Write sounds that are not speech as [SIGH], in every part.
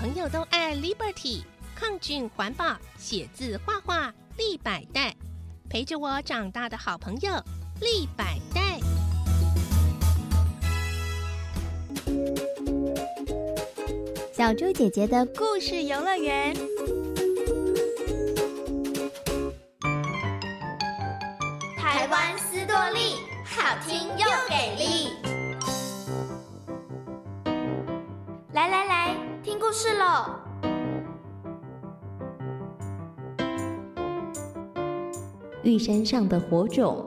朋友都愛 Liberty，抗菌環保，寫字畫畫利百代，陪着我長大的好朋友利百代。小豬姐姐的故事遊樂園，台灣思多力，好聽喲。不是了，玉山上的火種。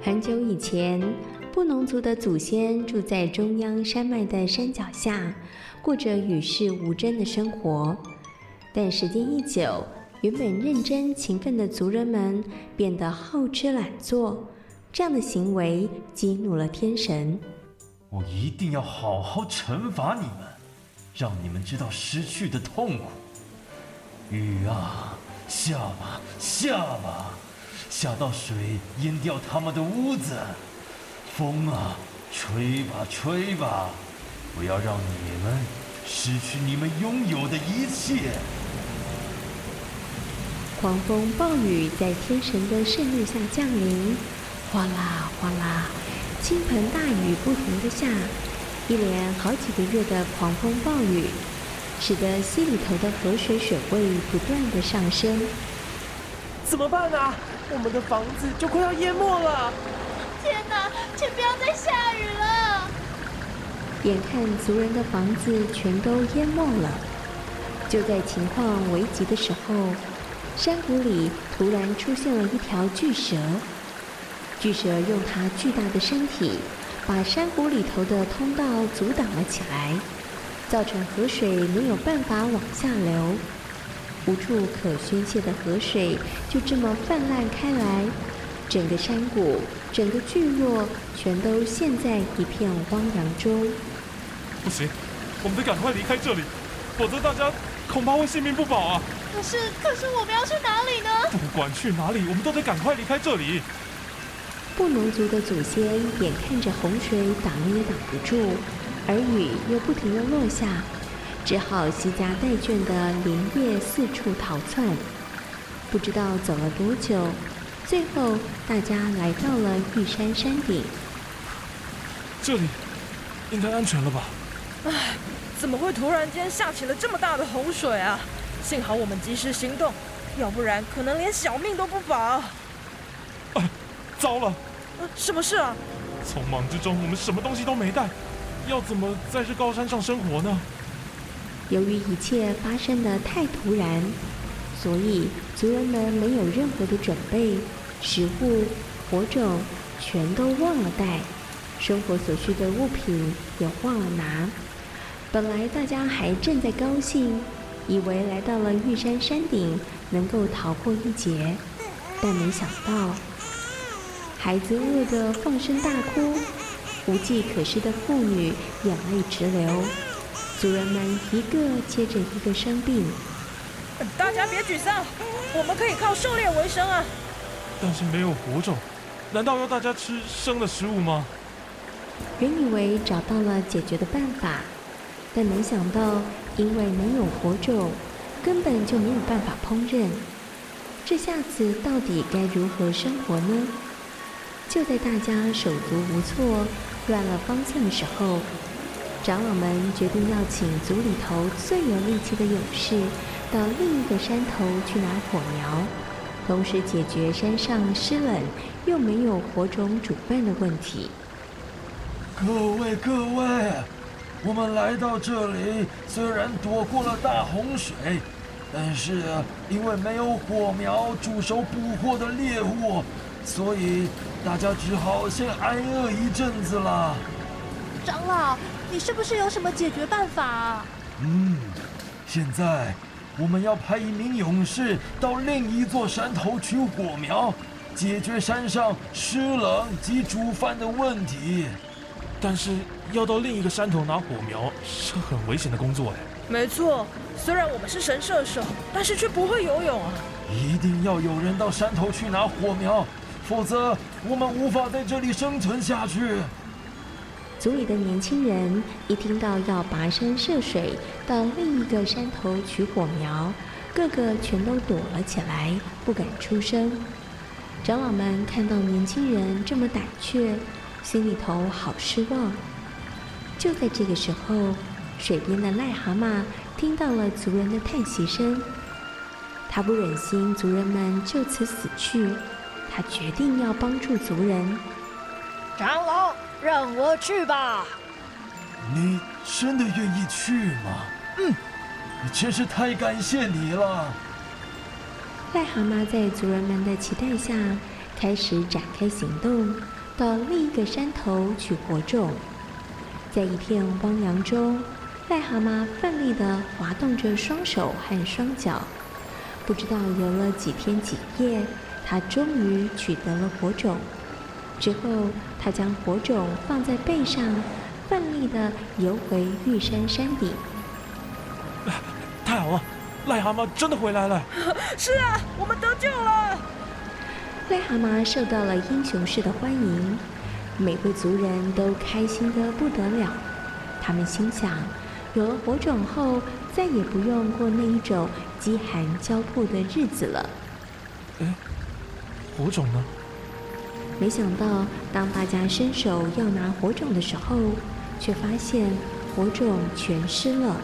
很久以前。布農族的祖先住在中央山脈的山腳下，過着與世無爭的生活。但時間一久，原本認真勤奮的族人們變得好吃懶做，這樣的行為激怒了天神。我一定要好好懲罰你們，讓你們知道失去的痛苦。雨啊，下吧，下吧，下到水淹掉他們的屋子。風啊，吹吧，吹吧，不要讓你們失去你們擁有的一切。狂風暴雨在天神的盛怒下降臨，嘩啦嘩啦，傾盆大雨不停的下，一連好幾個月的狂風暴雨，使得溪裡頭的河水水位不斷的上升。怎麼辦啊？我們的房子就快要淹沒了！天哪！請不要再下雨了！眼看族人的房子全都淹沒了，就在情況危急的時候，山谷裡突然出現了一條巨蛇。巨蛇用它巨大的身體把山谷裡頭的通道阻擋了起來，造成河水沒有辦法往下流，無處可宣泄的河水就這麼氾濫開來。整個山谷，整個聚落，全都陷在一片汪洋中。不行，我們得趕快離開這裡，否則大家恐怕會性命不保啊！可是，可是我們要去哪裡呢？不管去哪裡，我們都得趕快離開這裡。布農族的祖先眼看着洪水擋也擋不住，而雨又不停的落下，只好攜家帶眷的連夜四處逃竄。不知道走了多久。最後，大家來到了玉山山頂。這裡應該安全了吧？哎，怎麼會突然間下起了這麼大的洪水啊？幸好我們及時行動，要不然可能連小命都不保。唉，糟了！呃，什麼事啊？匆忙之中，我們什麼東西都沒帶，要怎麼在這高山上生活呢？由於一切發生的太突然，所以族人們沒有任何的準備。食物、火種全都忘了帶，生活所需的物品也忘了拿。本來大家還正在高興，以為來到了玉山山頂能夠逃過一劫，但沒想到，孩子餓得放聲大哭，無計可施的婦女眼淚直流，族人們一個接着一個生病。大家別沮喪，我們可以靠狩獵為生啊！但是沒有火種，難道要大家吃生的食物嗎？原以為找到了解決的辦法，但沒想到，因為沒有火種，根本就沒有辦法烹飪。這下子到底該如何生活呢？就在大家手足無措、亂了方寸的時候，長老們決定要請族裡頭最有力氣的勇士到另一個山頭去拿火苗。同時解決山上濕冷又沒有火種煮飯的問題。各位各位，我們來到這裡雖然躲過了大洪水，但是因為沒有火苗煮熟捕獲的獵物，所以大家只好先挨餓一陣子了。長老，你是不是有什麼解決辦法？嗯，現在。我們要派一名勇士到另一座山頭取火苗，解決山上濕冷及煮飯的問題。但是要到另一個山頭拿火苗是很危險的工作哎。沒錯，雖然我們是神射手，但是卻不會游泳啊。一定要有人到山頭去拿火苗，否則我們無法在這裡生存下去。族裡的年輕人一聽到要跋山涉水，到另一個山頭取火苗，個個全都躲了起來，不敢出聲。長老們看到年輕人這麼膽怯，心裡頭好失望。就在這個時候，水邊的癩蛤蟆聽到了族人的嘆息聲，他不忍心族人們就此死去，他決定要幫助族人。長老，讓我去吧。你真的願意去嗎？嗯，我真是太感謝你了。癩蛤蟆在族人們的期待下，開始展開行動，到另一個山頭取火種。在一片汪洋中，癩蛤蟆奮力地劃動着雙手和雙腳，不知道游了幾天幾夜，他終於取得了火種。之後，他將火種放在背上，奮力地游回玉山山頂。太好了，癩蛤蟆真的回來了！ [LAUGHS] 是啊，我們得救了。癩蛤蟆受到了英雄式的歡迎，每個族人都開心得不得了。他們心想，有了火種後，再也不用過那一種飢寒交迫的日子了。哎，火種呢？沒想到，當大家伸手要拿火種的時候，卻發現火種全濕了。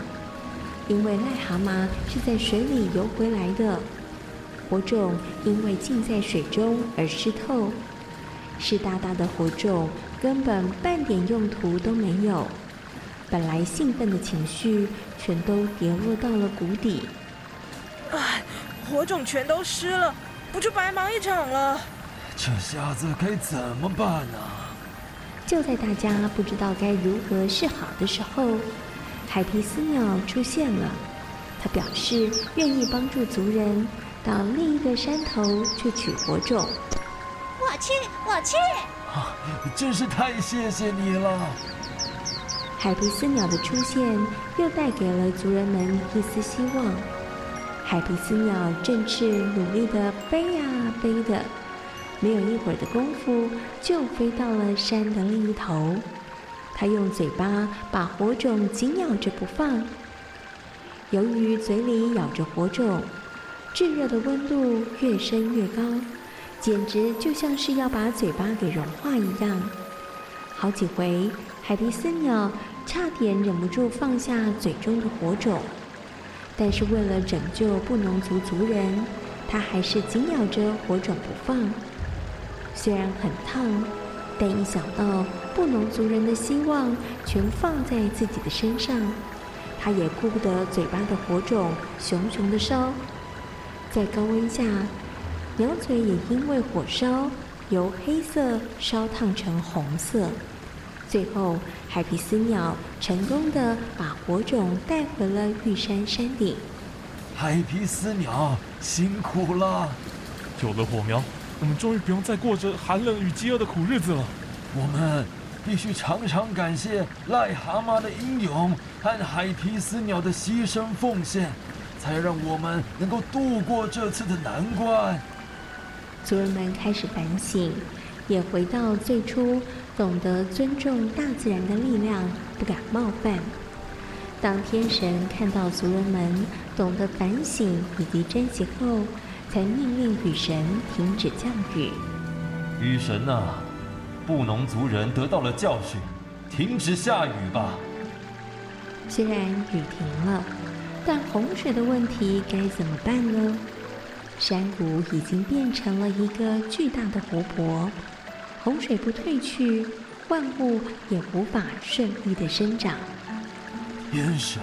因為癩蛤蟆是在水裡游回來的，火種因為浸在水中而濕透，濕噠噠的火種根本半點用途都沒有。本來興奮的情緒全都跌落到了谷底。唉，火種全都濕了，不就白忙一場了？這下子該怎麼辦呢？就在大家不知道該如何是好的時候，海皮斯鳥出現了，牠表示願意幫助族人到另一個山頭去取火種。我去，我去！真是太謝謝你了！海皮斯鳥的出現又帶給了族人們一絲希望。海皮斯鳥振翅，努力地飛呀、啊、飛的，沒有一會兒的功夫，就飛到了山的另一頭。他用嘴巴把火種緊咬着不放。由於嘴裡咬着火種，炙熱的溫度越升越高，簡直就像是要把嘴巴給融化一樣。好幾回，海迪斯鳥差點忍不住放下嘴中的火種，但是為了拯救布農族族人，他還是緊咬着火種不放。雖然很燙。但一想到布農族人的希望全放在自己的身上，他也顧不得嘴巴的火種熊熊的燒，在高溫下，鳥嘴也因為火燒由黑色燒燙成紅色，最後海皮斯鳥成功的把火種帶回了玉山山頂。海皮斯鳥辛苦了，有了火苗。我們終於不用再過着寒冷與飢餓的苦日子了。我們必須常常感謝癩蛤蟆的英勇和海皮斯鳥的犧牲奉獻，才讓我們能夠度過這次的難關。族人們開始反省，也回到最初，懂得尊重大自然的力量，不敢冒犯。當天神看到族人們懂得反省以及珍惜後。才命令雨神停止降雨。雨神吶、啊，布農族人得到了教訓，停止下雨吧。雖然雨停了，但洪水的問題該怎麼辦呢？山谷已經變成了一個巨大的湖泊，洪水不退去，萬物也無法順利的生長。天神，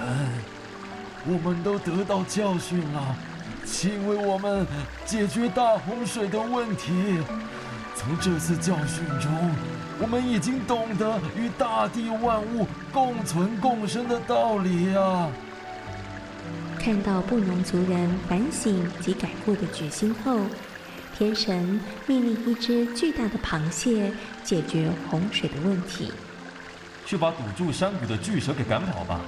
我們都得到教訓了。請為我們解決大洪水的問題。從這次教訓中，我們已經懂得與大地萬物共存共生的道理呀。看到布農族人反省及改過的決心後，天神命令一隻巨大的螃蟹解決洪水的問題。去把堵住山谷的巨蛇給趕跑吧。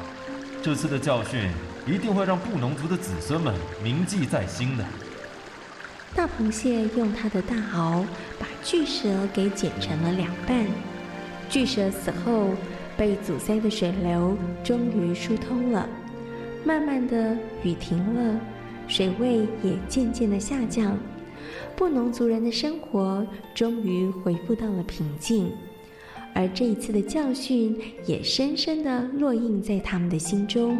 這次的教訓。一定會讓布農族的子孫們銘記在心的。大螃蟹用它的大螯把巨蛇給剪成了兩半，巨蛇死後，被阻塞的水流終於疏通了。慢慢的，雨停了，水位也漸漸的下降，布農族人的生活終於恢復到了平靜，而這一次的教訓也深深的烙印在他們的心中。